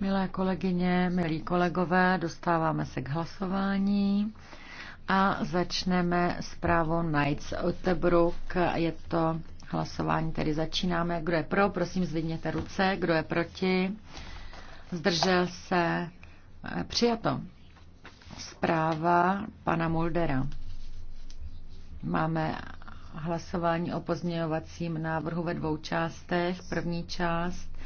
Milé kolegyně, milí kolegové, dostáváme se k hlasování a začneme s právou Knights Otebruk. Je to hlasování, tedy začínáme. Kdo je pro, prosím zvedněte ruce. Kdo je proti? Zdržel se? Eh, přijato. Zpráva pana Muldera. Máme hlasování o pozměňovacím návrhu ve dvou částech. První část